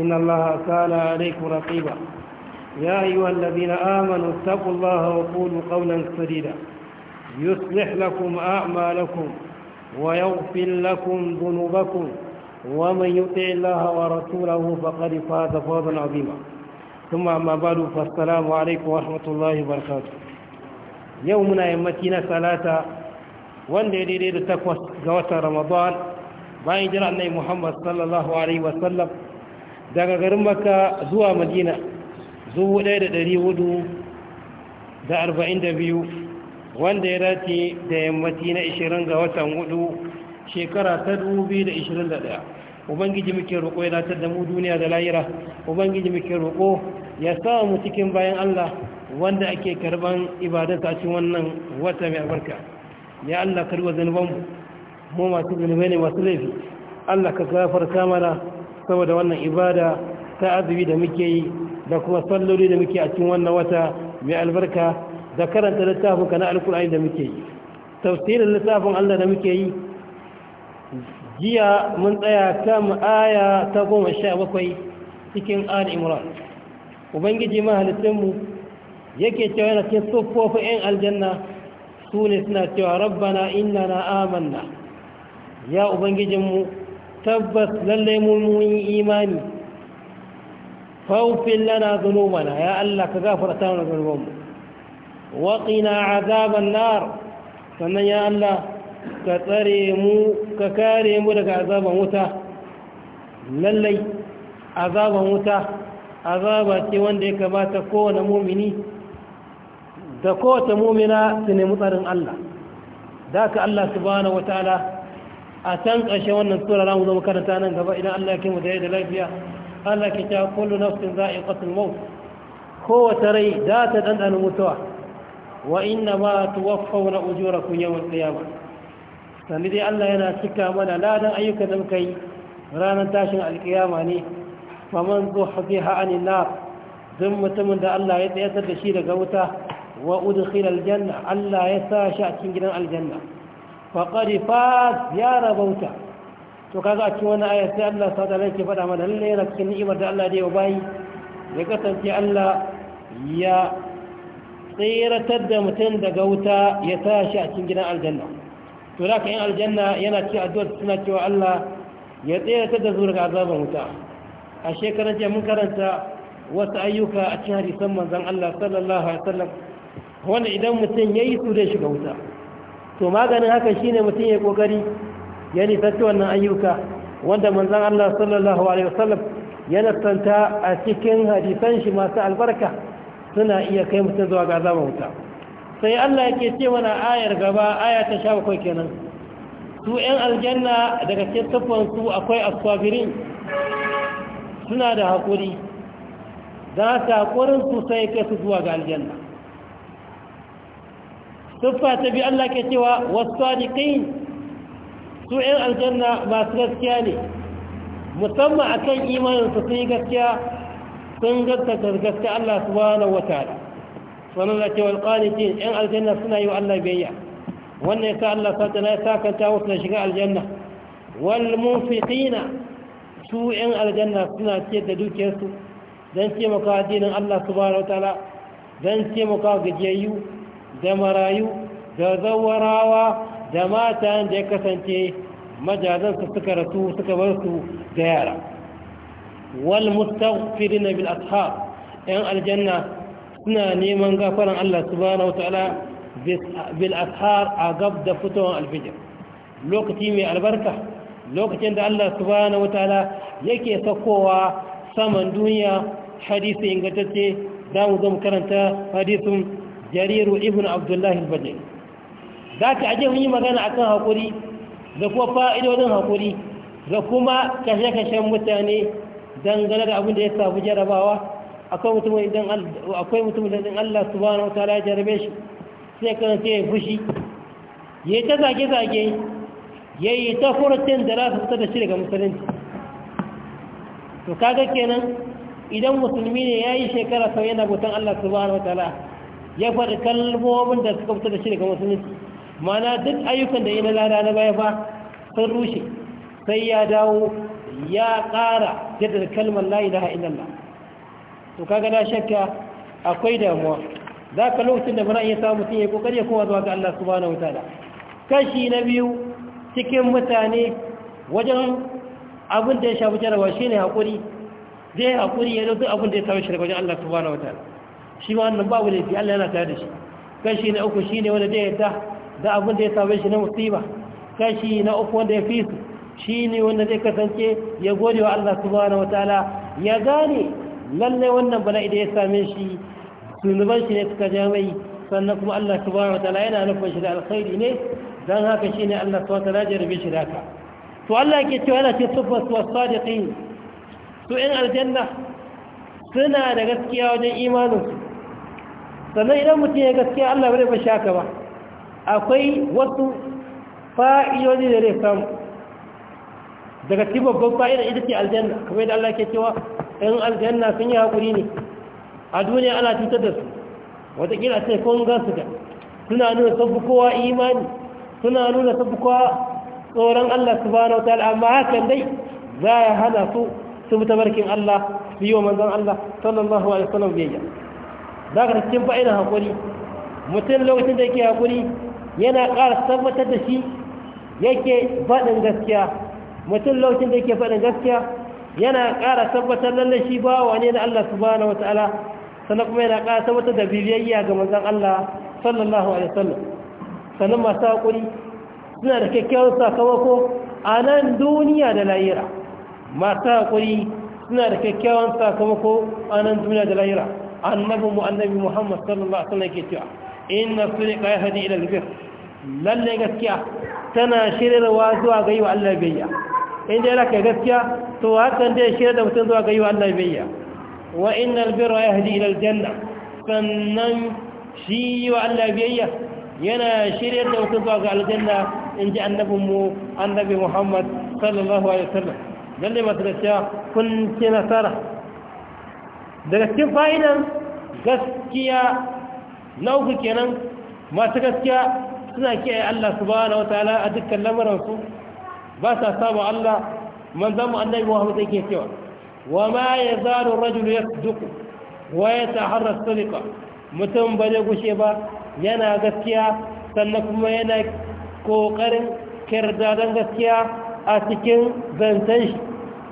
إن الله كان عليكم رقيبا يا أيها الذين آمنوا اتقوا الله وقولوا قولا سديدا يصلح لكم أعمالكم ويغفر لكم ذنوبكم ومن يطع الله ورسوله فقد فاز فوزا عظيما ثم أما بعد فالسلام عليكم ورحمة الله وبركاته يومنا يمتنا ثلاثة وندير ya daidai رمضان takwas جرى watan محمد صلى الله عليه وسلم daga garin makka zuwa madina zuwa ɗaya da ɗari hudu da arba'in da biyu wanda ya rati da yammaci na ishirin ga watan hudu shekara ta dubi da ishirin da ɗaya ubangiji muke roƙo ya datar da mu duniya da layira ubangiji muke roƙo ya sa mu cikin bayan allah wanda ake karban ibadarsa a cikin wannan wata mai albarka ya allah karwa zanubanmu mu masu zanubai ne masu laifi allah ka gafarta mana saboda wannan ibada ta azumi da muke yi da kuma salloli da muke a cikin wannan wata mai albarka da karanta littafin ka na alkur'ani da muke yi tafsirin littafin Allah da muke yi jiya mun tsaya kan aya ta goma sha bakwai cikin ali imran ubangiji mahalicinmu yake cewa yana cikin tsoffofin 'yan aljanna su ne suna cewa rabbana inna na amanna ya ubangijinmu tabbas lallai mun yi imani faufin lana zunubana ya Allah ka gafarta mu. zunubanmu waƙina azaban nar sannan ya Allah ka tsare mu ka kare mu daga azaban wuta lallai azaban wuta azaba ce wanda ya kamata kowane mumini da kowace mumina su nemi tsarin Allah da ka Allah subhanahu ta'ala a can ƙarshen wannan sura za mu zo makaranta nan gaba idan Allah ya kai mu da da lafiya Allah ke cewa kullu nafsin za'iqatul maut kowace rai za ta dandana mutuwa wa inna ma tuwaffawna ujurakum yawmal qiyamah sani dai Allah yana cika mana ladan ayyukan da muka yi ranar tashin alkiyama ne faman zuhziha ha'ani na duk mutumin da Allah ya tsayar da shi daga wuta wa udu aljanna Allah ya sa shi a cikin gidan aljanna faƙari fas ya rabauta to kaza a cikin wani ayat sai Allah sa ta laike faɗa mana lalle yana cikin ni'imar da Allah da ya bayi ya kasance Allah ya tseratar da mutum daga wuta ya tashi a cikin gidan aljanna to da yin aljanna yana ci addu'ar suna cewa Allah ya tseratar da zuwa daga azaban wuta a shekarar jiya mun karanta wasu ayyuka a cikin hadisan manzan Allah sallallahu alaihi wasallam wanda idan mutum yi su da shiga wuta to maganin haka shine mutum ya kokari ya nisanci wannan ayyuka wanda manzon Allah sallallahu alaihi wasallam ya nasanta a cikin hadisan shi masu albarka suna iya kai mutum zuwa ga zama wuta sai Allah yake ce mana ayar gaba aya ta 17 kenan su ‘yan aljanna daga cikin akwai aswabirin suna da haƙuri za ta haƙurin su sai kai su zuwa ga aljanna tuffa ta bi Allah ke cewa wasadiqin su ɗan aljanna masu gaskiya ne musamman akan imanin su sun yi gaskiya sun gaskata gaskiya Allah subhanahu wataala wata da cewa alqanitin ɗan aljanna suna yi wa Allah biyayya wannan sa Allah sa ta na sakanta wasu na shiga aljanna wal munfiqina su ɗan aljanna suna ciyar da dukiyarsu don taimaka dinin Allah su subhanahu wataala don taimaka gajiyayyu da marayu da zawarawa da mata da ya kasance majazansu suka rasu suka bar su da yara wal mustaghfirina bil ashab yan aljanna suna neman gafaran Allah subhanahu wataala bil ashar a gab da fitowar alfijir lokaci mai albarka lokacin da Allah subhanahu wataala yake sakowa saman duniya hadisi ingantacce za mu zo mu karanta hadisin jariru ibn abdullahi al-bajali za ka aje mun yi magana akan hakuri da kuma fa'idodin hakuri da kuma kashe-kashen mutane dangane da abin da ya samu jarabawa akwai mutum idan Allah subhanahu wa ta'ala ya jarabe shi sai kan sai ya fushi ya yi ta zage-zage ya yi ta furtin da za su fita da shi daga musulunci to kaga kenan idan musulmi ne ya yi shekara sau yana butan Allah subhanahu wa ta'ala ya faɗi kalmomin da suka fita da shi daga musulunci mana duk ayyukan da ya na lada na baya ba sun rushe sai ya dawo ya ƙara yadda da kalmar la ilaha illallah to kaga na shakka akwai damuwa za ka lokacin da mara'in ya samu mutum ya kokari ya kowa zuwa ga Allah subhanahu da kashi na biyu cikin mutane wajen abin da ya shafi jarawa shine hakuri zai hakuri ya zo duk abin da ya samu shi wajen Allah subhanahu da. shi ma wannan babu laifi Allah yana tare da shi kashi na uku shi ne wanda zai yadda da abin da ya same shi na musiba kashi na uku wanda ya fi su ne wanda zai kasance ya gode wa Allah subhanahu wataala ya gane lalle wannan bala'i da ya same shi sunuban shi ne suka ja mai sannan kuma Allah subhanahu wataala yana nufin shi da alkhairi ne dan haka shi ne Allah subhanahu wataala ya rabe shi da haka to Allah yake cewa yana ce sufas was sadiqin to in aljanna suna da gaskiya wajen imaninsu sannan idan mutum ya gaskiya Allah bai ba shaka ba akwai wasu fa'idodi da zai samu daga cikin babban fa'ida ita ce aljanna kamar da Allah ke cewa ɗan aljanna sun yi haƙuri ne a duniya ana cutar da su wataƙila sai kun gan su da suna nuna sabu kowa imani suna nuna sabu kowa tsoron Allah subhanahu wa ta'ala amma hakan dai za ya hana su su bi Allah biyo manzon Allah sallallahu alaihi wasallam biyayya za ka cikin fa'idan haƙuri mutum lokacin da yake haƙuri yana ƙara tabbatar da shi yake faɗin gaskiya mutum lokacin da yake faɗin gaskiya yana ƙara tabbatar lalle shi ba wa ne na Allah subhanahu wa ta'ala sannan kuma yana ƙara tabbatar da biyayya ga manzon Allah sallallahu alaihi sallam. sannan masu haƙuri suna da kyakkyawan sakamako a nan duniya da lahira masu haƙuri suna da kyakkyawan sakamako a nan duniya da lahira annabi mu annabi muhammad sallallahu alaihi wasallam ke cewa inna sirqa yahdi ila albir lalle gaskiya tana shirarwa zuwa ga yiwa Allah biyya inda yana kai gaskiya to hakan dai shirar da mutum zuwa ga yiwa Allah biyya wa innal birra yahdi ila janna. sannan shi wa Allah biyya yana shiryar da mutum zuwa ga al-janna. in ji annabinmu annabi muhammad sallallahu alaihi wasallam lalle masu gaskiya kun ci nasara daga cikin fainan gaskiya na uku kenan masu gaskiya suna kiyaye Allah wata ala a dukkan lamuransu ba sa saba Allah manzon mu annabi Muhammad yake cewa wa ma yazalu rajul yasduqu wa yataharra sadiqa mutum ba zai gushe ba yana gaskiya sannan kuma yana kokarin kirdadan gaskiya a cikin zancen shi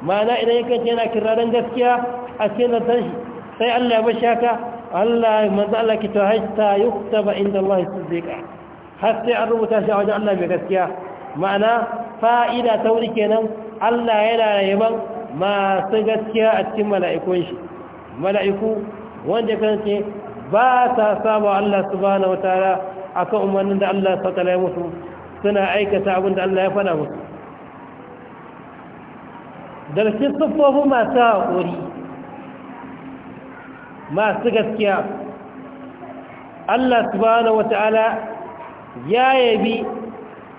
ma'ana idan yake yana kirdadan gaskiya a cikin shi sai Allah ya bashi haka Allah manzo Allah ki to hatta yuktaba inda Allah siddiqa har sai an rubuta shi a wajen Allah mai gaskiya ma'ana fa'ida ta wuri kenan Allah yana yaban masu gaskiya a cikin mala'ikun shi mala'iku wanda kan ce ba ta saba Allah subhanahu wataala akan umarnin da Allah ya musu suna aikata abin da Allah ya faɗa musu darshin siffofin masu haƙuri masu gaskiya Allah subhanahu wata'ala ya yabi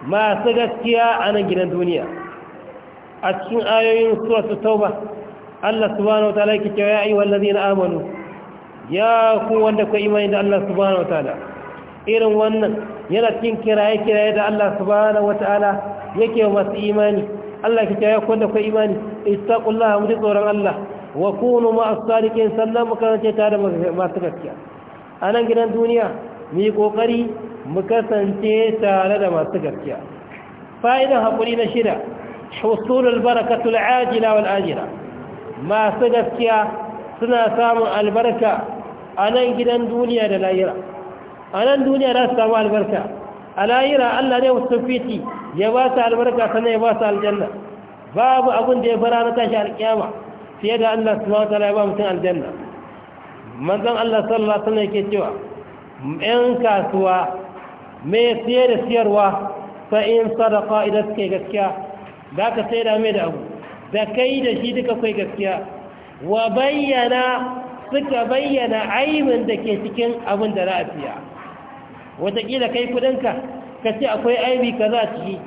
masu gaskiya a nan gidan duniya a cikin ayoyin suratu tauba Allah subhanahu wata'ala yake cewa ya yi ayyuhal ladina amanu ya ku wanda ku imani da Allah subhanahu wata'ala irin wannan yana cikin kiraye kiraye da Allah subhanahu wata'ala yake masu imani Allah yake cewa ya ku wanda ku imani ittaqullaha mu ji tsoron Allah wa kunu ma as-sadiqin mu kasance tare masu gaskiya a nan gidan duniya mu yi kokari mu kasance tare da masu gaskiya fa'idan hakuri na shida husulul barakatu al-ajila wal ajila masu gaskiya suna samun albarka a nan gidan duniya da lahira a nan duniya za su samu albarka a lahira Allah ne wasu fiti ya ba su albarka sannan ya ba su aljanna babu abin da ya fara na tashi alkiyama fiye da Allah subhanahu wataala ya ba mutum aljanna manzon Allah sallallahu alaihi wasallam yake cewa yan kasuwa mai fiye da siyarwa fa in sadaqa idan suke gaskiya za ka sai da mai da abu da kai da shi duka kai gaskiya wa bayyana suka bayyana aibin da ke cikin abin da za siya wataƙila kai kudinka ka ce akwai aibi kaza ciki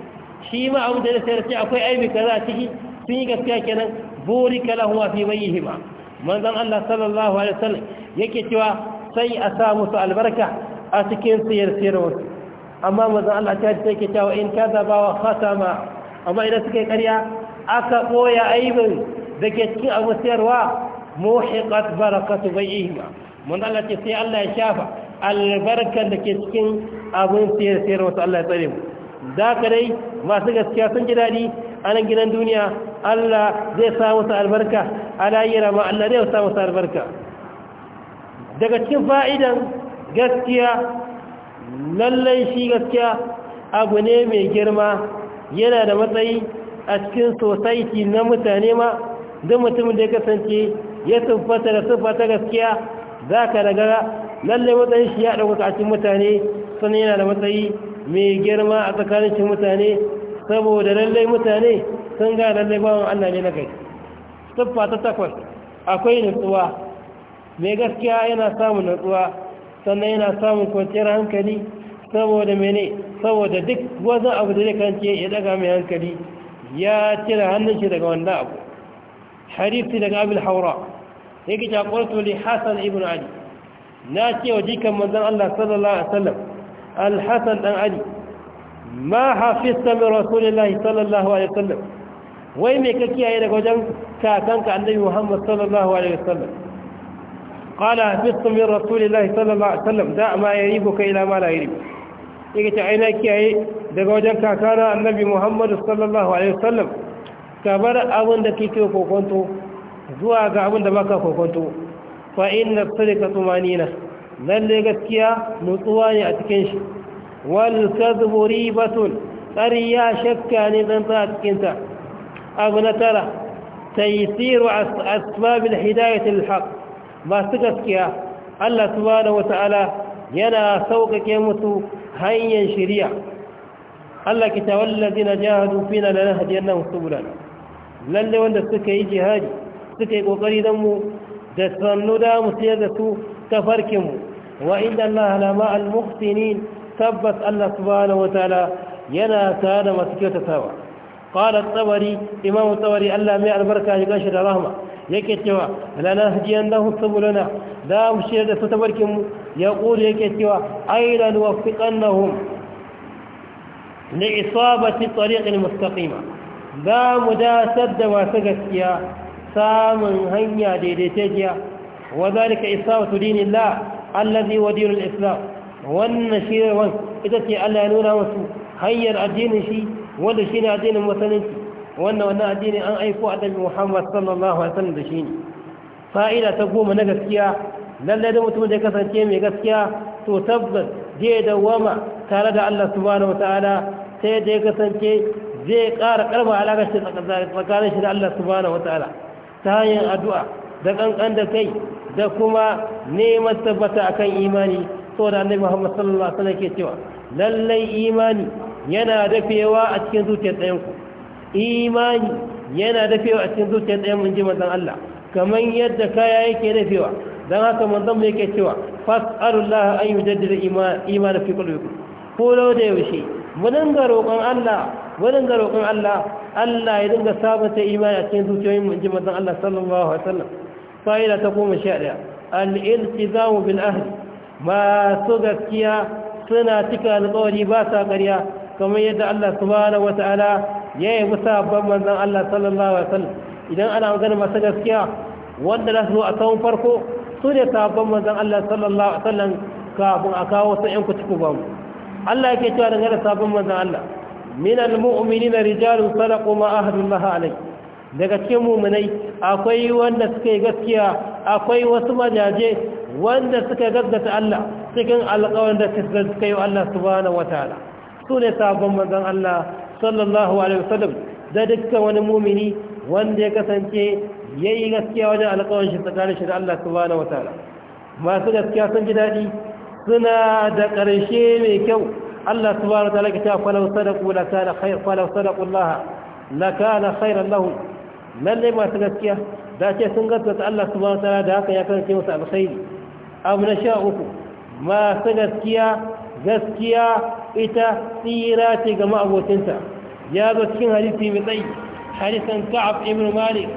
shi ma abin da ya sayar ce akwai aibi kaza ciki sun yi gaskiya kenan burika lahum fi bayyihima manzon Allah sallallahu alaihi wasallam yake cewa sai a sa musu albarka a cikin siyar siyarwar amma manzon Allah ta ce yake cewa in kaza ba wa khatama amma idan suka yi ƙarya aka boya aibin da ke cikin abu siyarwa muhiqat barakatu bayyihima manzon Allah ce sai Allah ya shafa albarkan da ke cikin abun siyar siyarwar Allah ya tsare mu Za ka dai masu gaskiya sun ji daɗi a nan gidan duniya Allah zai sa musu albarka a layira ma Allah zai sa musu albarka daga cikin fa'idan gaskiya lallai shi gaskiya abu ne mai girma yana da matsayi a cikin society na mutane ma don mutumin da ya kasance ya tuffata da tuffata gaskiya za ka daga lallai matsayin shi ya ɗauka a cikin mutane sannan yana da matsayi mai girma a tsakanin mutane saboda lallai mutane sun ga lallai bawan Allah ne na kai siffa ta takwas akwai nutsuwa mai gaskiya yana samun nutsuwa sannan yana samun kwanciyar hankali saboda mene saboda duk wazan abu da zai kance ya daga mai hankali ya cire hannun shi daga wanda abu harifi daga abul haura yake ta qultu li hassan ibn ali na ce wa jikan manzon Allah sallallahu alaihi wasallam alhassan ɗan ali ma hafista min rasulillahi sallallahu alaihi wasallam wai me ka kiyaye daga wajen kakanka annabi muhammad sallallahu alaihi wasallam qala hafista min rasulillahi sallallahu alaihi wasallam da ma yayi buka ila ma la yayi yake ta aina kiyaye daga wajen kakana annabi muhammad sallallahu alaihi wasallam kabar abin da kike kokonto zuwa ga abin da baka kokonto fa inna sadaqatu manina lalle gaskiya nutsuwa ne a cikin shi wal kadhbu ribatun ƙarya shakka ne dan ta a cikin ta abu na tara taysiru asbab alhidayah alhaq masu gaskiya Allah subhanahu wataala yana sauƙaƙe musu hanyar shari'a Allah na jihar jahadu fina lanahdiyannahum subulana lalle wanda suka yi jihadi suka yi kokari dan mu da sannu da mu sayar da su tafarkinmu wa inda Allah na ma'al muhsinin tabbas Allah subhanahu wa ta'ala yana tare da masu kyautatawa qala tsawari imamu tsawari Allah mai albarka ya gashi da rahma yake cewa lana hadiyan lahu subulana da mu shirya da su tabarkin mu ya kuri yake cewa aila nuwaffiqannahum li isabati tariq almustaqima da mu da sadda masu gaskiya samun hanya jiya. وذلك إصابة دين الله الذي ودين الإسلام والنشير وان إذا تي ألا نونا وسو هيا الدين شي ولا شينا الدين المسلمين وأن وأن الدين أن أيكو أدم محمد صلى الله عليه وسلم بشيني فإذا تقوم نقسيا لن يدم تمد كسن تيمي قسيا تتبت دي دوما تارد الله سبحانه وتعالى سيدي كسن zai ƙara ƙarfa alaƙar shi tsakanin shi da Allah subhanahu wa ta'ala ta hanyar addu'a da ƙanƙan da kai da kuma neman tabbata akan imani da annabi Muhammad sallallahu alaihi wasallam ke cewa lallai imani yana dafewa a cikin zuciyar ɗayan ku imani yana dafewa a cikin zuciyar ɗayan mun ji manzon Allah kamar yadda kaya yake dafewa dan haka manzon mu yake cewa fas'alullaha an yujaddida imani fi qulubikum ko da yaushe mu dinga roƙon Allah mu ga roƙon Allah Allah ya dinga sabunta imani a cikin zuciyoyin mu ji manzon Allah sallallahu alaihi wasallam fa'ida ta goma sha ɗaya al'iltizamu bil ahli masu gaskiya suna cika alƙawari ba sa ƙarya kamar yadda Allah subhanahu wata'ala ya yi yabi sabon zan Allah sallallahu alaihi wasallam idan ana magana masu gaskiya wanda za su a tsawon farko su ne sabon manzon Allah sallallahu alaihi wasallam kafin a kawo wasu ƴan kutuku ba mu Allah yake cewa dangane da sabon manzon Allah min al-mu'minina rijalun sadaqu ma ahadu Allah alaihi daga cikin mummunai, akwai wanda suka yi gaskiya akwai wasu majaje wanda suka gaskata Allah cikin alƙawarin da suka yi Allah subhanahu wataala su ne sabon manzon Allah sallallahu alaihi wasallam da dukkan wani mumini wanda ya kasance yayi gaskiya wajen alƙawarin shi tsakanin shi da Allah subhanahu wataala masu gaskiya sun ji daɗi suna da ƙarshe mai kyau Allah subhanahu wataala ya ce falau sadaqu la kana khair falau sadaqu Allah la kana khairan lahum lallai masu gaskiya da ce sun gaskata Allah ba wataala da haka ya kasance musu alkhairi abu na sha uku masu gaskiya gaskiya ita tsira ce ga ma'abocinta ya zo cikin hadisi mai tsayi hadisan ka'af ibn malik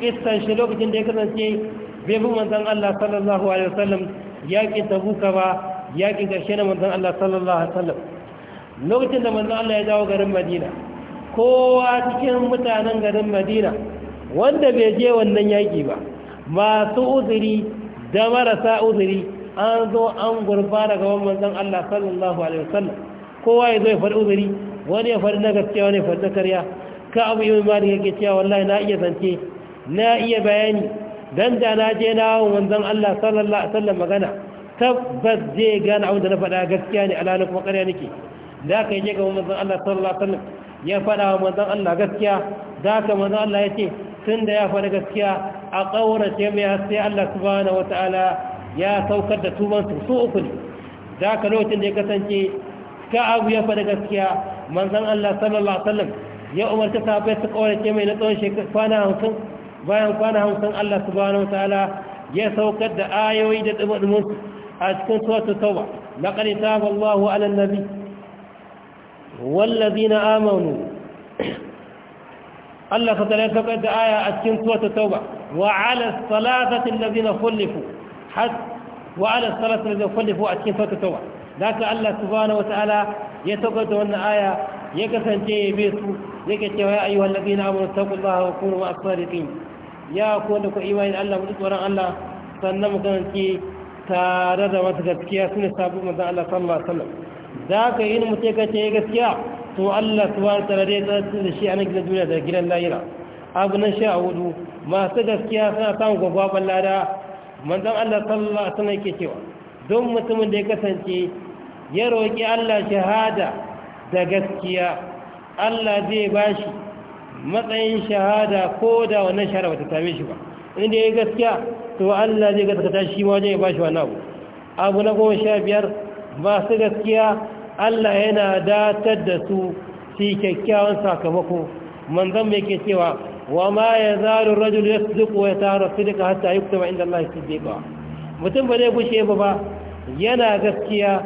kissan shi lokacin da ya kasance bai bi manzon Allah sallallahu alaihi wasallam yaƙin tabuka ba yaƙin ƙarshe na manzon Allah sallallahu alaihi wasallam lokacin da manzon Allah ya dawo garin Madina kowa cikin mutanen garin Madina wanda bai je wannan yaƙi ba masu uzuri da marasa uzuri an zo an gurbara gaban manzon Allah sallallahu alaihi wasallam kowa ya zo ya faɗi uzuri wani ya faɗi na gaskiya wani ya faɗi na karya ka abu yi mali yake cewa wallahi na iya zance na iya bayani dan da na je na wa manzon Allah sallallahu alaihi wasallam magana tabbas je gane abin da na faɗa gaskiya ne alalan kuma ƙarya nake da ka yi je gaban manzon Allah sallallahu alaihi wasallam ya faɗa wa manzon Allah gaskiya da ka manzon Allah ya ce tun da ya faɗi gaskiya a ƙaurace mai sai Allah subhanahu wata'ala ya saukar da tubansu su uku ne da ka lokacin da ya kasance ka abu ya faɗi gaskiya manzan Allah sallallahu alaihi ya umarci sahabbai su ƙaurace mai na tsawon kwana hamsin bayan kwana hamsin Allah subhanahu wata'ala ya saukar da ayoyi da ɗumuɗumunsu a cikin suwatu tauba laqad taba Allahu 'ala an-nabi والذين آمنوا Allah ta tare ta da aya a cikin ta tauba wa ala salatatin da zina kullifu wa ala salatatin da kullifu a cikin ta tauba za ka Allah subhanahu ala ya saukar da wannan aya ya kasance ya be su yake cewa ya ayyuhal ladina amanu taqullaha wa kunu ma'as sadiqin ya ku da ku imanin Allah mu tsoron Allah sannan mu kasance tare da wata gaskiya sune sabu manzon Allah sallallahu alaihi wasallam za ka yi mutum kace gaskiya to Allah su da dai ta da shi a nan gidan duniya da gidan layira. abu na sha hudu masu gaskiya suna samun gwagwaban lada manzan Allah sallallahu alaihi wasallam yake cewa don mutumin da ya kasance ya roƙi Allah shahada da gaskiya Allah zai bashi matsayin shahada ko da wannan shahada bata tafi shi ba inda ya gaskiya to Allah zai gaskata shi ma zai bashi wannan abu abu na goma sha biyar masu gaskiya Allah yana datar da su fi kyakkyawan sakamako manzon mai ke cewa wa ma ya zaru rajul ya suduku wa ya tara suduka hatta yi kuma inda Allah ya suduka mutum ba zai gushe ba ba yana gaskiya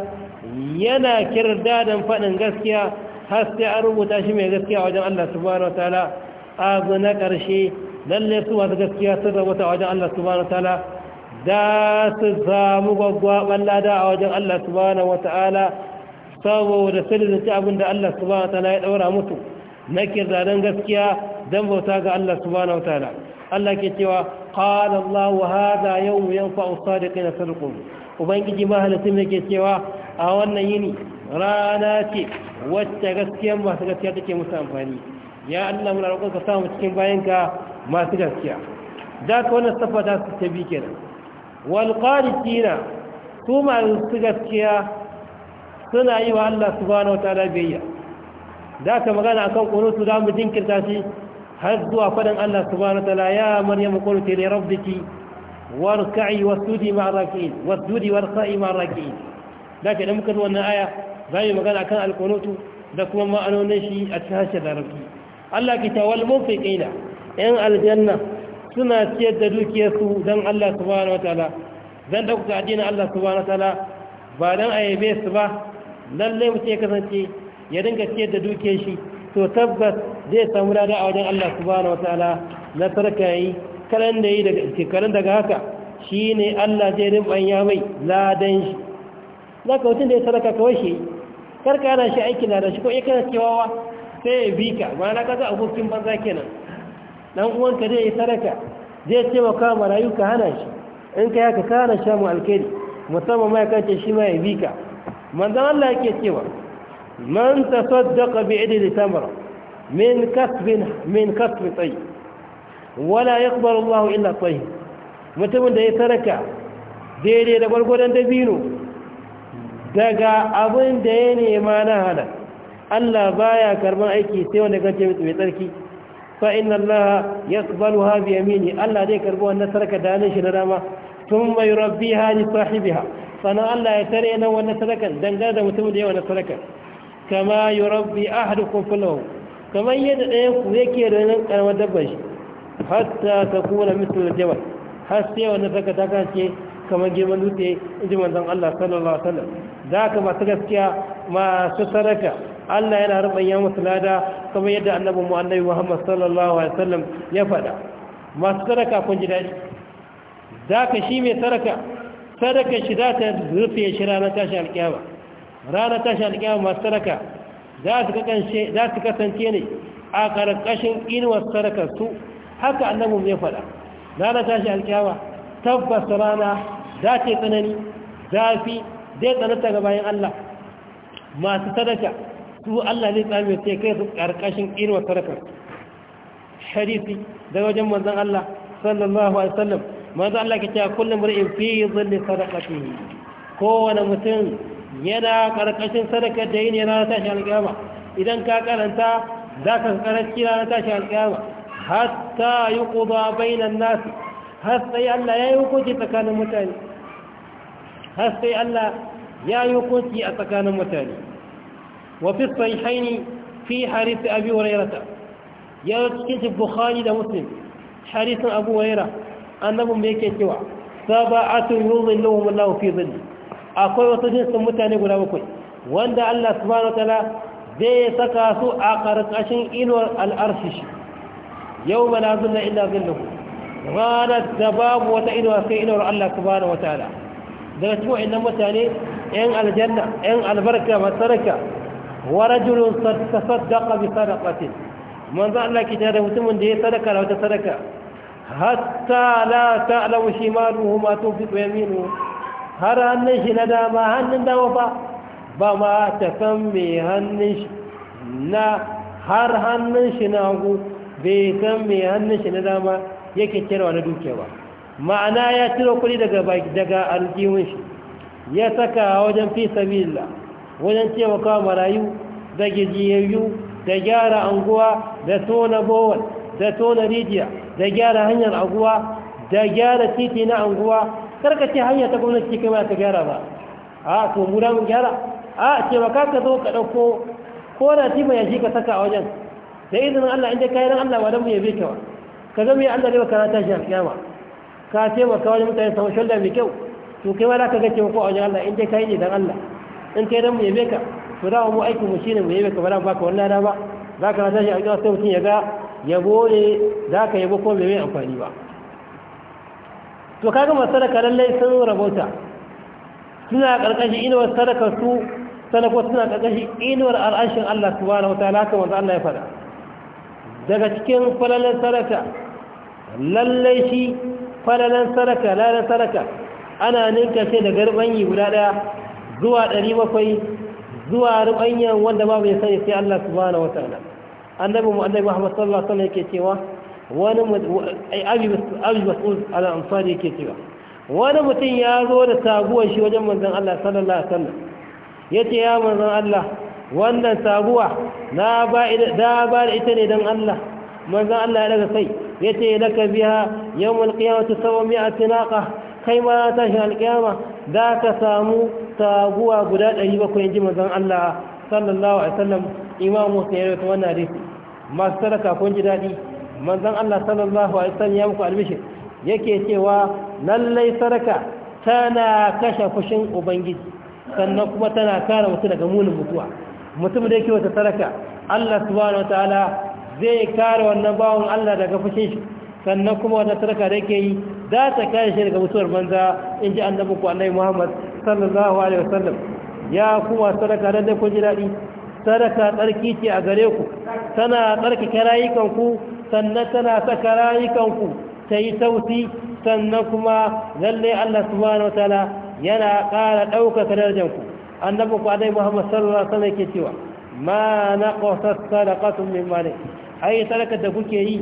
yana kirda don faɗin gaskiya har sai an rubuta shi mai gaskiya wajen Allah subhanahu wa ta'ala abu na ƙarshe lalle su masu gaskiya sun rabota wajen Allah subhanahu wa ta'ala za su samu gwaggwaɓar lada a wajen Allah subhanahu wa ta'ala saboda sirrinci abin da Allah subhanahu wataala ya daura mutu na kirzadan gaskiya dan bauta ga Allah subhanahu wataala Allah ke cewa qala Allah wa hadha yawm yanfa'u sadiqina sadqum ubangiji mahalatin yake cewa a wannan yini rana ce wacce gaskiya masu gaskiya take musu amfani ya Allah muna roƙon ka samu cikin ka masu gaskiya da ka wannan safa ta su tabi kenan wal qanitina su masu gaskiya suna yi wa Allah subhanahu wa ta'ala biyayya da ka magana akan kunutu da mu jinkirta shi har zuwa fadan Allah subhanahu wa ta'ala ya maryam qulti li rabbiki warka'i wasjudi ma'a raki'in wasjudi warka'i ma'a raki'in da ke da muka zo wannan aya za mu magana akan alkunutu da kuma ma'anonin shi a cikin harshen larabci Allah ki ta wal mufiqina yan aljanna suna ciyar da dukiyarsu don Allah subhanahu wa ta'ala dan dauka addinin Allah subhanahu wa ta'ala ba don ayyabe su ba lallai mutum ya kasance ya dinga ciyar da duke shi to tabbas zai samu rada a wajen Allah subhanahu wataala na sarka yi kalan da yi daga shekarun daga haka shi ne Allah zai ya mai ladan shi za ka mutum da ya sarka kawai shi karka ana shi aiki ladan shi ko ya kana cewa sai ya bi ka na kaga abokin banza kenan dan uwanka zai yi sarka zai ce wa marayu ka hana shi in ka yaka kana shamu alkhairi musamman ma kace shi ma ya bi ka manzan Allah yake cewa man tasaddaqa bi idil tamra min kasbin min kasbi tsayi wala yaqbalu Allah illa tayyib mutumin da ya saraka daidai da gwargwadon dabino daga abin da ya nema na hada, Allah baya karban aiki sai wanda kace mai tsarki fa inna Allah yaqbaluha bi yamini Allah zai karbi wannan sarka da hannun shi na dama mai yurabbiha li sahibiha sannan Allah ya tare nan wannan sadakan dangane da mutum da yawa na sadakan kama yurabbi ahadukum fulahu kamar yadda ɗayan ku yake da nan ƙaramar dabbar shi hatta ta kuna mitul jabal har sai wannan sadaka ta kace kama girman dutse inji manzon Allah sallallahu alaihi wasallam Za ka masu gaskiya masu sadaka Allah yana rubanya musu lada kamar yadda annabi mu annabi Muhammad sallallahu alaihi wasallam ya faɗa masu sadaka kun ji daɗi Za ka shi mai sadaka sadaka shi za ta rufe shi ranar tashi alƙiyama ranar tashi alƙiyama masu sadaka za su kasance ne a ƙarƙashin inuwar sadakar su haka annabin ya faɗa ranar tashi alƙiyama tabbas rana za ta yi tsanani zafi zai tsananta ga bayan Allah masu sadaka su Allah zai tsame sai kai su ƙarƙashin inuwar sadakar hadisi daga wajen manzon Allah sallallahu alaihi wasallam manzo Allah ke cewa kullum mar'in fi dhilli sadaqatihi kowane mutum yana karkashin sadaka da yin yana tashi alƙiyama idan ka karanta za ka karanci ta tashi alƙiyama hatta yuqda bainan nas har yi Allah ya yi hukunci tsakanin mutane har yi Allah ya yi hukunci a tsakanin mutane wa fi sahihaini fi harith abi hurairah ya cikin bukhari da muslim harisin abu hurairah annabin mai yake cewa sab'atun yuzilluhum Allahu fi dhilli akwai wasu jinsin mutane guda bakwai wanda Allah su subhanahu wataala zai saka su a karkashin inuwar al'arshi yau mana zunna illa ku. ranar da babu wata inuwa sai inuwar Allah wata ala. daga cewa wa'annan mutane yan aljanna yan albarka masaraka wa rajulun tasaddaqa bi sadaqatin manzo Allah ki da mutumin da ya sadaka da wata sadaka hatta la ta'lamu shimaluhu ma tunfiqu yaminu har hannun shi na dama hannun dama ba ba ma ta san me hannun shi na har hannun shi na hagu bai san me hannun shi na dama yake cirewa na duke ba ma'ana ya cire kuɗi daga daga aljihun shi ya saka wajen fi sabila wajen kawo marayu da gijiyayyu, da gyara anguwa da tona bowal da tona rijiya da gyara hanyar anguwa da gyara titi na anguwa karkace hanya ta gwamnati kai ma ta gyara ba a to mu da mun gyara a ce ba ka ka zo ka dauko ko da tima ya shi ka saka a wajen da izinin Allah inda kai ran Allah ba dan mu yabe ka ba ka zama ya Allah ne ka rata shi a kiyama ka ce ba ka wani mutane samu shulda mai kyau to kai ma za ka ga ce ko a wajen Allah inda kai ne dan Allah in kai dan mu yabe ka to da mu aikin mu shine mu yabe ka ba dan baka wannan da ba za ka rata shi a kiyama sai mutum ya ga yabo ne za ka yabo ko mai amfani ba to kaga masu sadaka lallai sun rabota suna ƙarƙashin inuwar sadakar su sanakwa suna ƙarƙashin inuwar al'ashin Allah su na wata laka wanda Allah ya fada daga cikin falalin sadaka lallai shi falalin sadaka lalai sadaka ana ninka ce daga yi guda ɗaya zuwa ɗari bakwai zuwa rubanyan wanda ba ya sani sai Allah su wani wata laka annabi mu annabi Muhammad sallallahu alaihi wasallam yake cewa wani abi mas'ud al-ansari yake cewa wani mutum ya zo da sabuwar shi wajen manzon Allah sallallahu alaihi wasallam yace ya manzon Allah wannan sabuwa na ba da ba da ita ne dan Allah manzon Allah ya daga sai yace laka biha yawmul qiyamati 700 naqa kai ma tashin alkiyama da ka samu sabuwa guda 700 inji manzon Allah sallallahu alaihi wasallam imamu sai ya rawaito wannan hadisi masu sadaka kun ji daɗi manzan Allah sallallahu alaihi wasan ya muku almishir yake cewa lallai sadaka tana kashe fushin ubangiji sannan kuma tana kare mutum daga munin mutuwa mutum da yake wata sadaka Allah subhanahu wataala zai kare wannan bawon Allah daga fushin shi sannan kuma wata sadaka da yake yi za ta kare shi daga mutuwar banza in ji annabi ku annabi Muhammad sallallahu alaihi wasallam ya kuma sadaka dai kun ji daɗi sadaka tsarki ce a gare ku tana tsarkake rayukanku sannan tana saka rayukanku ta yi sauti sannan kuma lallai Allah subhanahu wataala yana ƙara ɗaukaka darajanku annabi ku alai Muhammad sallallahu alaihi wasallam yake cewa ma naqasat sadaqatu min mali ai sadaka da kuke yi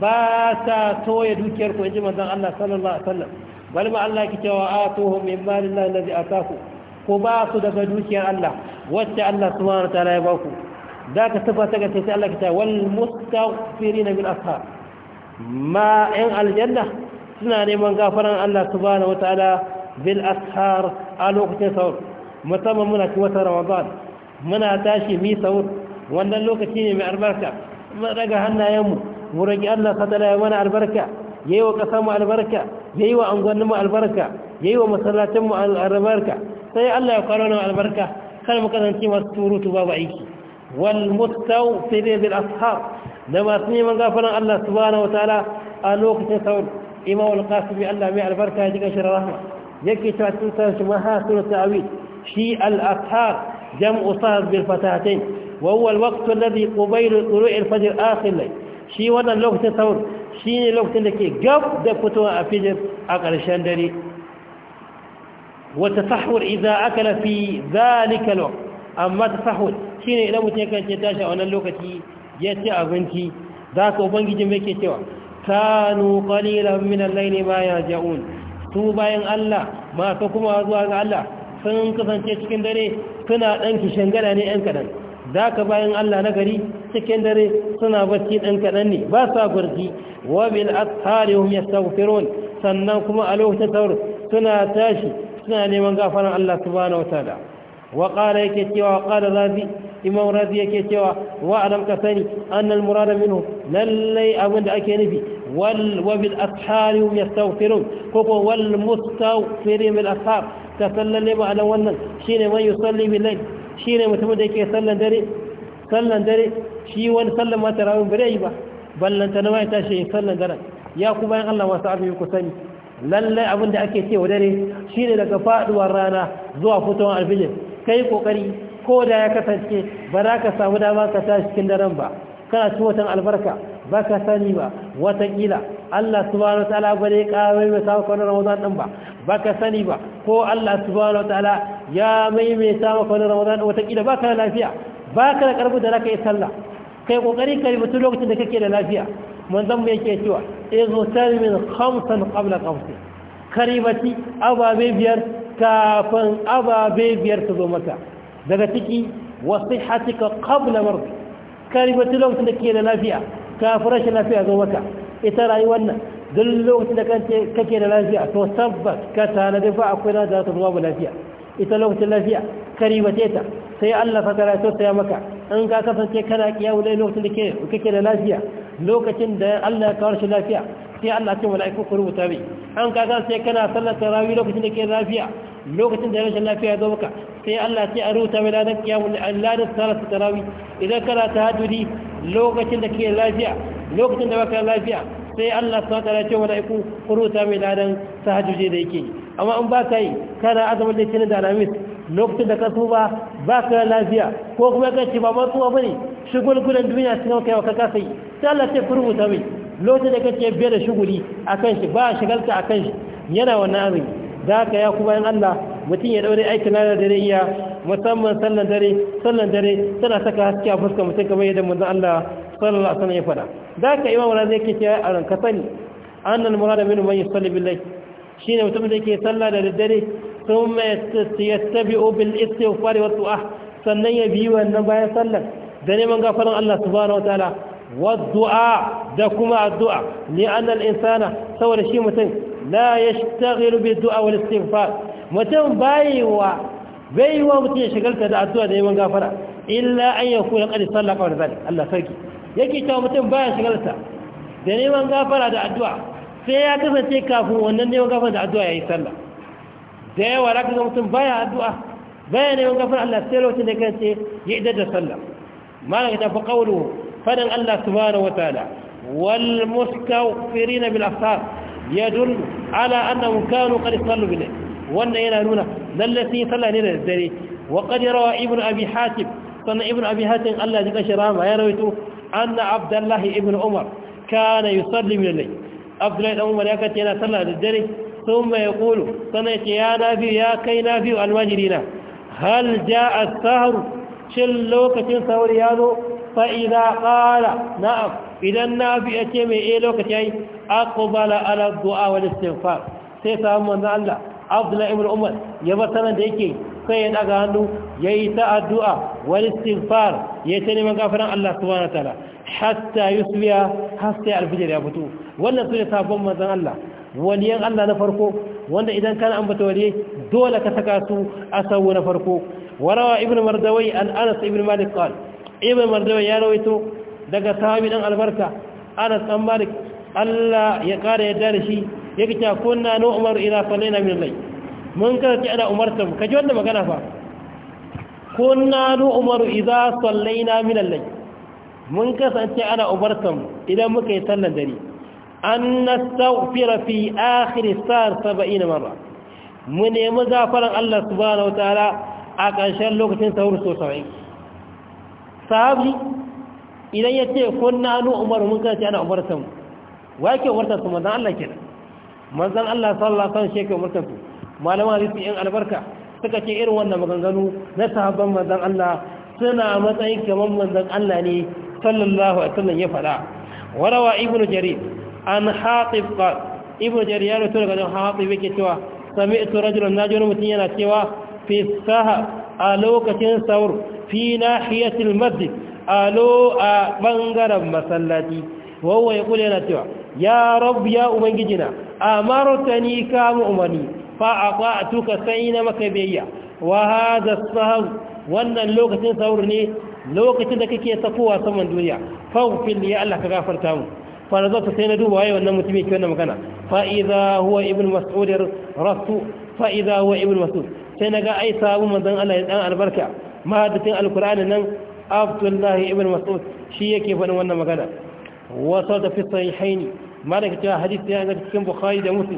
ba ta toye dukiyar ku inji manzon Allah sallallahu alaihi wasallam bal ma Allah yake cewa atuhum min mali allazi ataku ko ba su daga dukiyar Allah wacce Allah subhanahu wataala ya ba ku zaka tabbata ga sai Allah ta wal mustaghfirina bil ashab ma in aljanna suna neman gafaran Allah subhanahu wataala bil ashar a lokacin sahur musamman muna ci wata ramadan muna tashi mi sahur wannan lokaci ne mai albarka mu daga hannayenmu mu rage Allah sadala ya mana albarka ya yi wa ƙasa mu albarka ya yi wa angonin mu albarka ya yi wa masallacin mu albarka sai Allah ya kwaro na albarka Kan mu kasance masu turutu ba aiki wal mutau sai dai bil ashab da masu neman gafaran Allah subhanahu wataala a lokacin saur imam qasim Allah mai albarka ya ji kashin rahma yake cewa cikin sa shi mahasulu ta'wil shi al-ashab جمع صاحب بالفتحتين وهو الوقت الذي قبيل طلوع الفجر آخر ليل Shi وانا lokacin ثور shi ne lokacin da ke gab da fitowa a fijir a ƙarshen dare wata sahur iza aka lafi zalikalo amma ta sahur shi ne idan mutum yakan ce tashi a wannan lokaci ya ce abinci za ka ubangijin mai ke cewa kanu ƙalilan minan laili ma ya ja'un su bayan allah masu kuma zuwa ga allah sun kasance cikin dare suna ɗan kishin gada ne ‘yan kaɗan za ka bayan allah na gari cikin dare suna bacci ɗan kaɗan ne ba sa gwarji wa bil ashari hum yastaghfirun sannan kuma a lokacin taur suna tashi suna neman gafaran Allah subhanahu wataala wa qala yake cewa qala razi imam razi yake cewa wa alam ka sani annal murada minhu lallai abin da ake nufi wal wa bil ashari hum yastaghfirun ko ko wal mustaghfirin bil ashar ka sallalle ba alan wannan shine man yusalli bil layl shine mutumin da yake sallan dare sallan dare shi wani sallan ma tarawih bare yi ba ballanta na mai tashi yin sallan dare ya kuma yin Allah wasu abin ku sani lallai abin da ake cewa dare shi ne daga faɗuwar rana zuwa fitowar ka yi ƙoƙari ko da ya kasance ba za ka samu dama ka tashi cikin daren ba kana ci watan albarka ba ka sani ba watakila Allah subhanahu Ta'ala ba ne kawai mai samu kwanar ramadan din ba ba ka sani ba ko Allah subhanahu Ta'ala ya maimaita maka wani ramadan watakila ba ka lafiya ba ka da karfin da za ka yi sallah kai kokari ka rubutu lokacin da kake da lafiya mun manzon mu yake cewa iztal min khamsan qabla qawsi karibati ababe biyar kafin ababe biyar ta zo maka daga ciki wasihatika qabla mardi karibati lokacin da kake da lafiya kafin rashin lafiya zo maka ita rayuwar nan duk lokacin da kake da lafiya to tabbas ka tana da fa akwai da da ta zuwa lafiya ita lokacin lafiya karibace teta sai Allah karatu ta tausaya maka in ka kasance kana kiyawu dai lokacin da ke kake da lafiya lokacin da Allah ya kawar shi lafiya sai Allah ce mala'iku ku rubuta mai an ka kasance kana sallar tarawih lokacin da ke lafiya lokacin da rashin lafiya ya zo maka sai Allah ce a rubuta mai ladan kiyawu ladan sallar tarawih idan kana ta tahajjudi lokacin da ke lafiya lokacin da baka lafiya sai Allah subhanahu wataala ce mala'iku ku mai ladan hajjuje da yake amma in ba ka yi kana azumin litinin da alamis lokacin da ka tuba ba ka lafiya ko kuma ka ce ba ma tuba bane gudan duniya sun kai wa kaka sai Allah ce ku rubuta mai lokacin da ka ce biya da a kan shi ba shigalta kan shi yana wannan azumi da ka ya kuma yin Allah mutum ya daure na da dare iya musamman sallan dare sallan dare tana saka haske a fuskar mutum kamar yadda manzon Allah sallallahu alaihi wasallam ya fada da ka imam razi yake cewa a ranka sani annal murada min man yusalli bil layl shine mutum da yake sallah da daddare thumma yastabi'u bil istighfar wa du'a sannan ya biyo wannan bayan sallar da neman gafaran Allah subhanahu wataala wa du'a da kuma addu'a Ni anna al insana saboda shi mutum la yashtaghilu bi du'a wal istighfar mutum baiwa baiwa mutum ya shigalta da addu'a da neman gafara illa an yakuna qad sallaka wa zalik Allah sarki yake cewa mutum baya shigarsa da neman gafara da addu'a sai ya kasance kafin wannan neman gafara da addu'a ya yi sallah da yawa za ka ga mutum baya addu'a baya neman gafara Allah sai lokacin da kace ya idar da sallah malaka ta fa qawlu fadan Allah su mara subhanahu wataala wal mustawfirina bil ya yadul ala annahum kanu qad sallu bil wannan yana nuna lallai sun yi sallah ne da dare wa qad rawa Ibn abi hatim sannan Ibn abi hatim Allah ya kashi rama ya rawaito an abdullahi ibn umar kana yusalli min lai abdullahi ibn umar ya kace yana sallah da dare Su mai kulu sannan ya nabi ya kai nabi alwajirina hal ja'a sahru cin lokacin sahuri ya zo fa idza qala idan nabi ya mai eh lokaci ai aqbala ala du'a wal istighfar sai samu manzo Allah abdullahi ibn umar ya bar sanan da yake sai ya daga hannu yayi ta addu'a wani istighfar ya ta neman gafaran Allah subhanahu wataala hatta yusbiya hatta alfijir ya fito wannan sune sabon manzon Allah waliyan Allah na farko wanda idan kana ambata waliye dole ka saka su a sawu na farko warawa ibn mardawai an anas ibn malik qal ibn mardawai ya rawaito daga sahabi dan albarka anas dan malik Allah ya kara yadda da shi ya cewa kunna nu umar ila sallaina min layl mun kasance ana umarta mu kaji wanda magana fa kunna nu umaru idza sallaina min al-layl mun kasance ana umarta mu idan muka yi sallan dare an nastaghfira fi akhir sar 70 marra mu nemi zafaran Allah subhanahu wataala a ƙarshen lokacin sahur so 70 sahabi idan ya ce kunna nu umaru mun kasance ana umarta mu yake umarta su manzon Allah kenan manzon Allah sallallahu alaihi wasallam shi ke umarta malama hadisi yin albarka suka ce irin wannan maganganu na sahabban manzon Allah suna matsayin kamar manzon Allah ne sallallahu alaihi wasallam ya fada warawa ibnu jarir an hatib qal ibnu jarir ya rawaito daga hatib yake cewa sami'tu rajulan najuru mutum yana cewa fi saha a lokacin saur fi nahiyatil masjid alo a bangaren masallaci wawa ya kula yana cewa ya rabu ya ubangijina amartani ka mu umarni fa sai na maka biyayya wa hadha sahau wannan lokacin sahur ne lokacin da kake sakowa saman duniya faghfir ya Allah ka gafarta mu fa nazarta sai na duba waye wannan mutum yake wannan magana fa’iza huwa ibn masudar rasu fa’iza huwa ibn mas'ud sai ga ai sabu mazan Allah ya dan albarka mahaddatin alkur'ani nan abdullahi ibn mas'ud shi yake faɗin wannan magana wasu وصلت في الصحيحين مالك جاء hadisi يعني في cikin bukhari da musu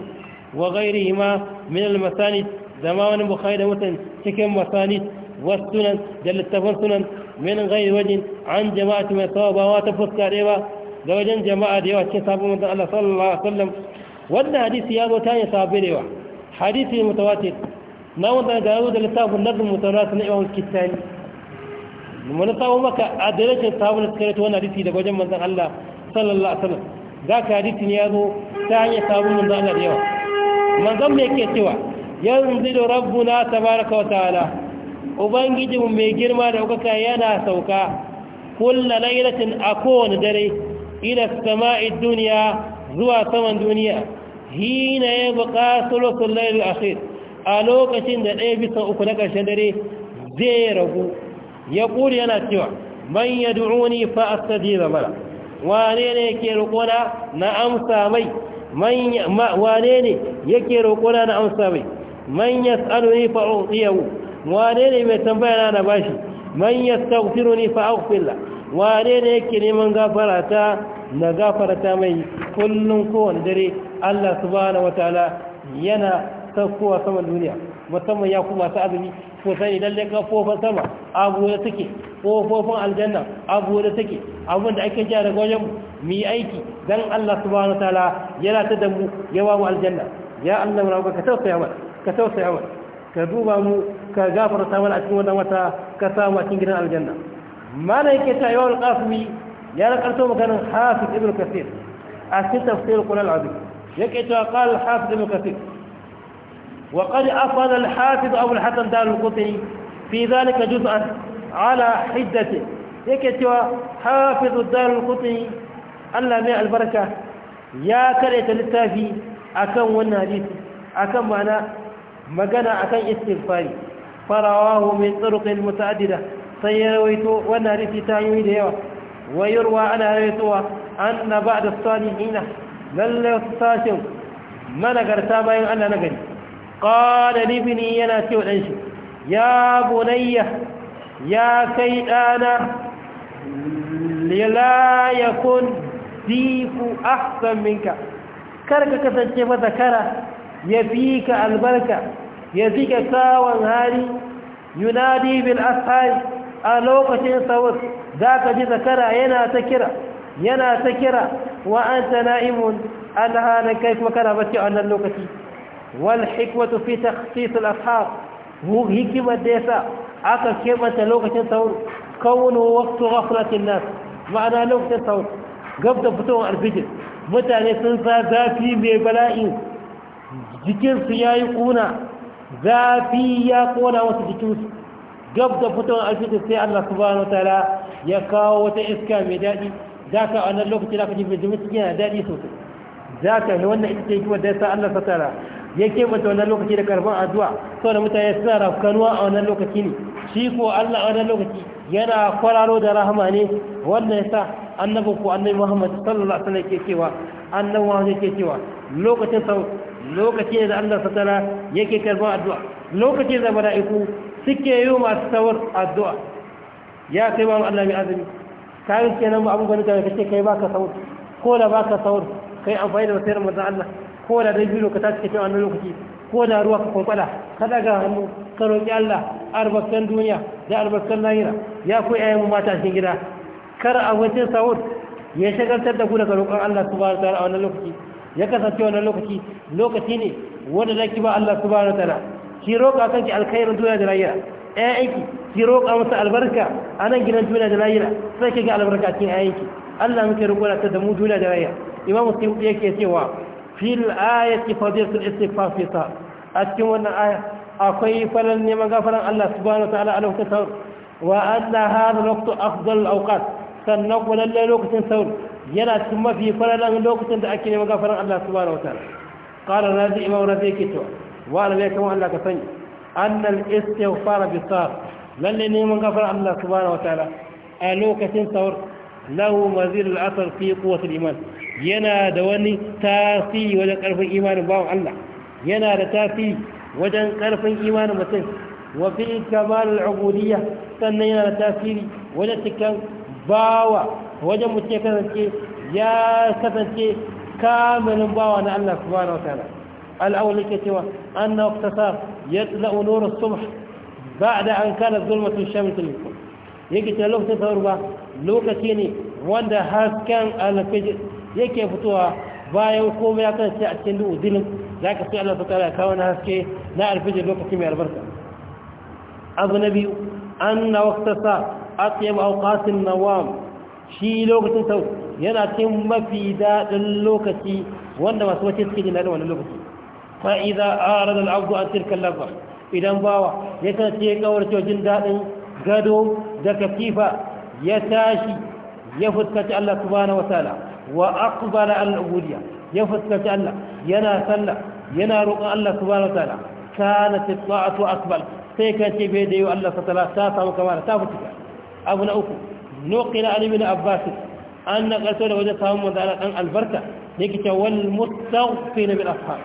wa gairi ma minal masanid zama wani bukhari da mutan cikin masanid da littafin wajen an jama'a ta mai sawa ba wa ta fuska ɗaya ba wajen jama'a da yawa cikin sabon mutan Allah sallallahu alaihi wasallam wannan hadisi ya zo ta yi sabirewa hadisi mutawatir na wanda da littafin lardin mutawatir na iwon kitani mun samu maka adalacin sabon tsakarai ta wajen manzan Allah sallallahu alaihi wasallam da yawa manzon mai ke cewa yanzu rabu rabbuna tabaraka wa ta'ala ubangiji mai girma da ukaka yana sauka kulla lailatin a kowane dare ila sama'i duniya zuwa saman duniya hina ya buƙa rasu lailul akhir a lokacin da ɗaya bisa uku na ƙarshen dare zai ragu ya ƙuri yana cewa man ya du'uni fa astajiba mana wane ne ke rukuna na amsa mai wane ne yake roƙona na amsa mai man ne fa’o u'tiyahu wane ne mai tambaya na bashi man ne fa’o aghfirla wane ne yake neman gafara ta na ta mai kullun kowane dare Allah na wataala yana saukowa saman duniya musamman ya kuma ta azumi ko sai kafofin sama abu ya suke ƙofofin aljanna abu da take abin da ake jira daga wajen mu yi aiki dan Allah subhanahu wataala yana ta da mu mu aljanna ya Allah ra'uka ka tausaya mana ka tausaya mana ka duba mu ka gafarta mana a cikin wannan wata ka samu a cikin gidan aljanna mana yake ta yawa al-qasimi ya rakarto maganin hafiz ibn kasir a cikin tafsir qur'an azim yake ta qala hafiz ibn kasir وقد أفضل الحافظ أبو الحسن دار القطري في ذلك جزءا ala hiddati yake cewa hafizu darul qutni Allah mai albarka ya karanta littafi akan wannan hadisi akan mana magana akan istighfari farawahu min turuqin mutaaddida sai ya rawaito wannan hadisi ta yi da yawa wa yurwa ana rawaitowa anna ba'da salihina lalle sashin managarta bayan Allah na gari qala libni yana cewa dan shi ya bunayya ya kai ɗana lila ya kun diku ahsan minka kar ka kasance mata kara ya fi ka albarka ya fi ka kawon hali yunadi bil ashari a lokacin sawar za ka ji zakara yana ta kira yana ta kira wa an ta na'imun alhalin kai kuma kana bacci a wannan lokaci wal hikwatu fi takhsis al ashab hikimar da yasa aka keɓanta lokacin sahur kawunan waktu ghaflatin nas ma'ana lokacin sauri, gab da fitowar alfijir mutane sun sa zafi mai bala'i jikinsu ya yi ƙuna zafi ya ƙona wasu jikinsu gab da fitowar alfijir sai allah subhanahu ta'ala ya kawo wata iska mai daɗi za ka a wannan lokacin da ka ji bai yana daɗi sosai za ka yi wannan ita ce hikimar da ya sa allah ta tara Yake mata wannan lokaci da karban addu'a so da mutane suna rafkanuwa a wannan lokaci ne shi ko Allah a wannan lokaci yana kwararo da rahama ne Wannan ya sa annabi ko annabi Muhammad sallallahu alaihi wasallam yake cewa annabi Muhammad yake cewa lokacin sau lokaci ne da Allah satara yake karban addu'a lokacin da mala'iku suke yi masu tsawar addu'a ya kai ba Allah mai azumi kayan kenan ba abin gani da kake kai baka sau ko da baka sau kai amfani da wasayar manzon Allah ko da dai biyu ka tashi tafiya wannan lokaci ko da ruwa ka kwankwada ka daga hannu ka roƙi Allah albarkan duniya da albarkan lahira ya ku yayin mu mata cikin gida kar a wajen sa'ud ya shagaltar da ku daga roƙon Allah subhanahu wataala a wannan lokaci ya kasance wannan lokaci lokaci ne wanda zaki ba Allah subhanahu wataala ki roƙa kanki alkhairin duniya da lahira aiki ki roƙa masa albarka a nan gidan duniya da lahira sai ki ga albarka cikin ayyuki Allah muke roƙo da mu duniya da lahira imamu sai yake cewa fil ayati fadilatul istighfar fi ta a cikin wannan aya akwai falal neman gafaran Allah subhanahu wataala a lokacin saur wa anna hadha waqtu afdal awqat sannan kuma lalle lokacin saur yana cikin mafi falalan lokacin da ake neman gafaran Allah subhanahu wataala qala razi imam razi ke to wa alai kama Allah ka sani anna al istighfar bi sar lalle neman gafaran Allah subhanahu wataala a lokacin saur lahu mazil al asr fi quwwati al iman yana da wani tasiri wajen karfin imanin bawan Allah yana da tasiri wajen karfin imanin mutum wa fi kamal al sannan yana da tasiri wajen cikin bawa wajen mutum kasance ya kasance kamalin bawa na Allah subhanahu wataala al-awwal yake cewa anna iqtasar yatla nur as ba da an kana zulmatu ash-shams yake cewa lokacin ba lokaci ne wanda hasken alfajir yake fitowa bayan komai ya kasance a cikin duhu za ka sai Allah ta ya kawo na haske na alfijir lokaci mai albarka abu na biyu an na waktasa a tsayin aukasin nawam shi lokacin sau yana cikin mafi daɗin lokaci wanda masu wace suke jin daɗin wannan lokaci fa'iza a radar abu an cirkan labar idan bawa ya kasance ce kawar jin daɗin gado da katifa ya tashi ya fuskaci Allah subhanahu wa ta'ala wa aqbala al-ubudiyya ya fuskaci Allah yana sallah yana roƙon Allah subhanahu wataala kanat at-ta'atu akbar sai ka ce bai da yi Allah subhanahu ta samu kamar ta fuska abu na uku nuqila ali ibn abbas an na karso da wajen samun manzo Allah dan albarka yake cewa wal mustaghfir bil ashab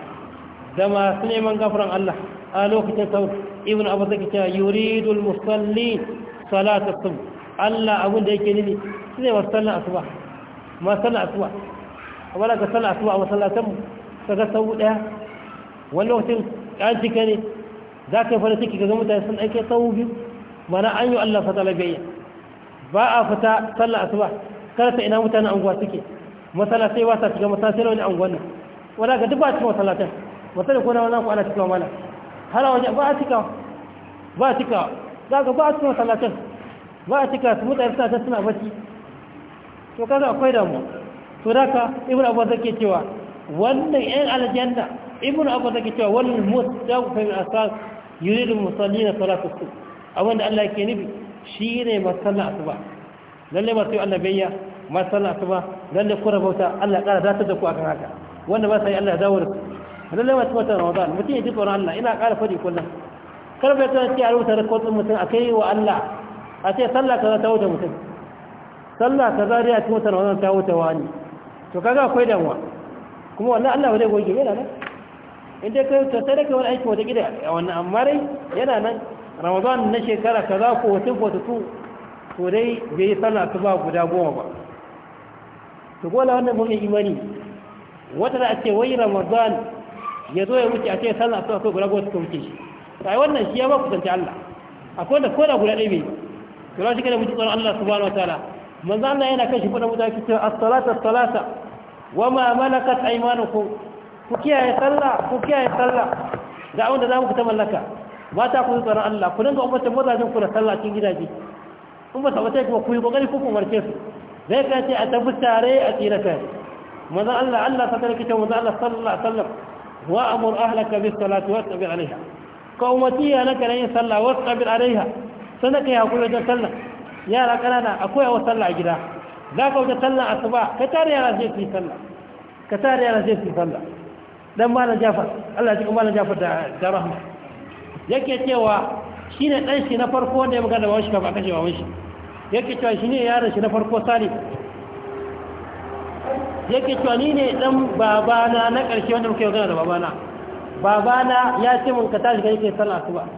da masu man gafaran Allah a lokacin sau ibn abbas yake cewa yuridul musallin Salatu as-subh Allah abin da yake nini sai wasallan asuba ma sallah asuba wala ka sallah asuba a masallatan mu ka sau daya wani lokacin an cika ne za ka yi fara ciki ga mutane sun aike sau biyu mana an yi Allah fata labiyya ba a fita sallah asuba kada ta ina mutane anguwa suke masallatai ba sa shiga masallatai wani anguwan nan wala ga duk ba cikin masallatan masallai ko na wani ku ana cikawa mana har a wajen ba a cika ba a cikawa za ka ba a cikin masallatan ba a cikawa su mutane suna ta suna bacci to kaga akwai damu to daga ibn abu zake cewa wannan yan aljanna ibn abu zake cewa wannan mustaqbil asas yuridu musallina salatu subh abin da Allah yake nufi shine masalla asuba lalle ba sai Allah bayya masalla asuba lalle kura bauta, Allah kara zata da ku akan haka wanda ba sai Allah ya dawo da lalle ba sai Ramadan mutum ya ji tsoron Allah ina kara fadi kullum karfe ta ce a rubuta rakotsin mutum a kai wa Allah a ce sallah kaza ta wuce mutum sallah ta zariya cikin watan wannan ta wuce wani to kaga akwai damuwa kuma wannan Allah bai goge yana ne in dai kai ta sadaka wani aiki wata gida a wannan amma rai yana nan ramadan na shekara kaza ko wata ko tu to dai bai yi sallah ta ba guda goma ba to gola wannan mun imani wata da ake wai ramadan ya zo ya wuce a ce sallah ta akwai guda goma ta wuce sai wannan shi ya ba ku kusanci Allah akwai da koda guda ɗaya bai to za shi kana mutu tsaron Allah subhanahu wataala manzo Allah yana kashi fada wuta ki ce as-salata as-salata wama malakat aymanukum ku kiyaye sallah ku kiyaye sallah da abin da za mu ku ta mallaka mata ku tsoron Allah ku dinga umarta mazajen ku da sallah cikin gidaje in ba sabata kuma ku yi kokari ku umarce su zai ka ce a tafi tare a tsira tare manzo Allah Allah ta tarki ta manzo Allah sallallahu alaihi wasallam wa amur ahlaka bis salati wasbir alaiha ka umati ya naka yin sallah wasbir alaiha sanaka ya kula da sallah yara kanana a koyawa sallah a gida za ka wuce sallah asuba ka tare yara zai fi sallah ka tare yara zai fi sallah dan malam jafar Allah cikin malam jafar da da rahma yake cewa shine dan shi na farko wanda ya magana wa shi kafa kashe wa shi yake cewa shine yara shi na farko sali yake cewa ni ne dan babana na ƙarshe wanda muke magana da babana babana ya ce mun ka tashi kai kai sallah asuba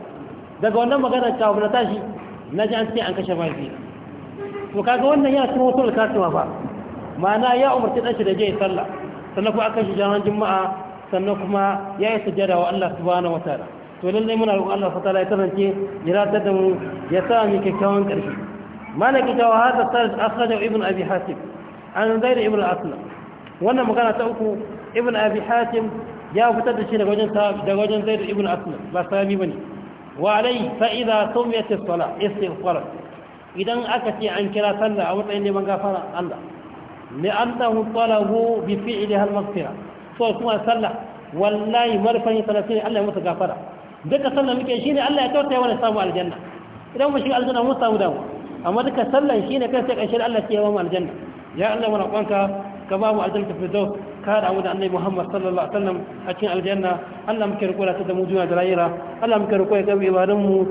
daga wannan magana ta na tashi na ji an ce an kashe mahaifi to kaga wannan yana cikin wasu alkasuwa ba ma'ana ya umarci ɗan shi da je sallah sannan kuma aka shi jaman juma'a sannan kuma ya yi sujjada wa Allah subhanahu wataala to lallai muna roƙon Allah ta'ala ya kasance ya ratar da mu ya sa mu kyakkyawan ƙarshe malaki ta hada salis akhrajahu ibn abi hatim an zaid ibn aslam wannan magana ta uku ibn abi hatim ya fitar da shi daga wajen daga wajen zaid ibn aslam ba sahabi bane walai fa'iza sun ya tifkala istifkala idan aka ce an kira sallah a matsayin neman gafara Allah li'annahu talabu bi fi'li hal maghfira so kuma sallah wallahi marfani salati Allah ya musu gafara duka sallah muke shine Allah ya tautaya wani samu aljanna idan mu shi aljanna mun samu damu. amma duka sallan shine kai sai kashin Allah ya yawa mu aljanna ya Allah mu roƙonka ka ba mu aljanna fi dawk kada mu da annabi Muhammad sallallahu alaihi wasallam a cikin aljanna Allah muke riko da ta mu juna da rayira Allah muke riko ya gabe ibadan mu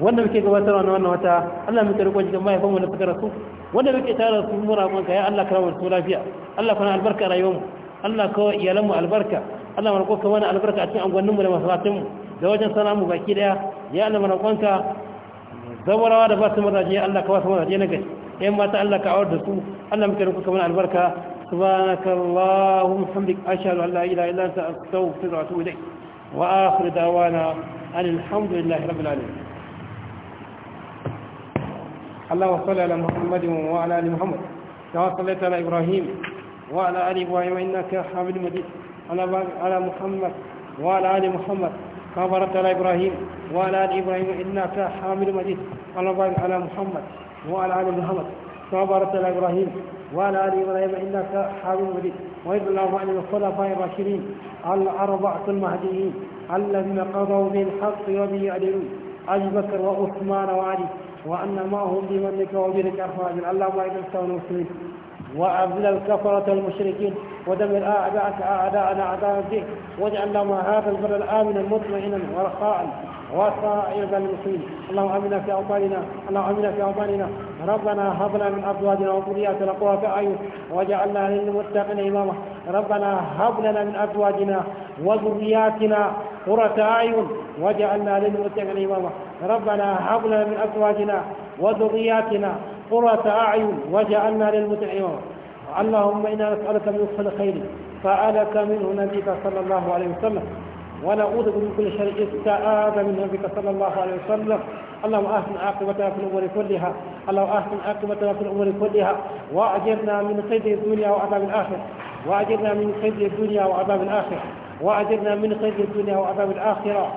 wanda muke gabatarwa na wannan wata Allah muke riko jikin mahaifan mu da suka rasu wanda muke tare su mu raƙon ka ya Allah karamu su lafiya Allah kana albarka rayuwar mu Allah kawo iyalan mu albarka Allah mu roƙo ka wani albarka a cikin angwannin mu da masallatin mu da wajen sana'a mu baki daya ya Allah mu roƙon ka zawarawa da ba su mazaje Allah ka ba su mazaje na gari yan mata Allah ka awar da su Allah muke ka wani albarka سبحانك اللهم وبحمدك أشهد أن لا إله إلا أنت أستغفرك وأتوب إليك وآخر دعوانا أن الحمد لله رب العالمين اللهم صل على محمد وعلى آل محمد كما صليت على إبراهيم وعلى آل إبراهيم إنك حميد مجيد على محمد وعلى آل محمد كما باركت على إبراهيم وعلى آل إبراهيم إنك حميد مجيد اللهم بارك على محمد وعلى آل محمد وبارك على إبراهيم وعلى آل إبراهيم إنك حميد مجيد وإذ الله عن الخلفاء الراشدين الأربعة المهديين الذين قضوا بالحق وبه يعدلون أبي بكر وعثمان وعلي وأن هم بمنك وبرك أرحم اللهم إذا استوى المسلمين وأذل الكفرة المشركين ودمر أعداءك أعداءنا أعداء الدين واجعل لهم هذا البلد آمنا مطمئنا ورخاء وسائر المسلمين اللهم آمنا في أوطاننا اللهم آمنا في أوطاننا ربنا هب لنا من أزواجنا وذرياتنا قرة أعين وجعلنا للمتقين إماما ربنا هب لنا من أزواجنا وذرياتنا قرة أعين وجعلنا للمتقين إماما ربنا هب لنا من أزواجنا وذرياتنا قرة أعين وجعلنا للمتقين إماما اللهم إنا نسألك من كل خير فعلك منه نبيك صلى الله عليه وسلم ونعوذ بك من كل شر استعاذ من نبيك صلى الله عليه وسلم اللهم احسن عاقبتنا في الامور كلها اللهم احسن عاقبتنا في الامور كلها واجرنا من خير الدنيا وعذاب الآخر واجرنا من خير الدنيا وعذاب الآخر واجرنا من خير الدنيا وعذاب الاخره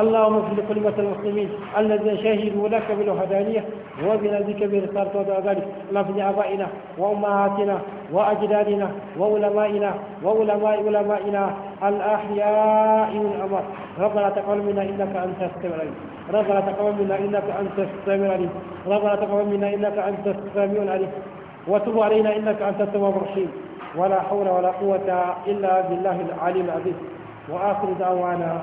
اللهم كل لكلمة المسلمين الذين شهدوا لك بالوحدانية وبنبيك برسالة ودعاء ذلك اللهم اغفر أبائنا وأمهاتنا وأجدادنا وعلمائنا وعلماء علمائنا الأحياء والأموات ربنا تقبل منا إنك أنت السميع العليم ربنا تقبل منا إنك أنت السميع العليم ربنا تقبل منا إنك أنت السميع العليم وتب علينا إنك أنت التواب الرحيم ولا حول ولا قوة إلا بالله العلي العظيم وآخر دعوانا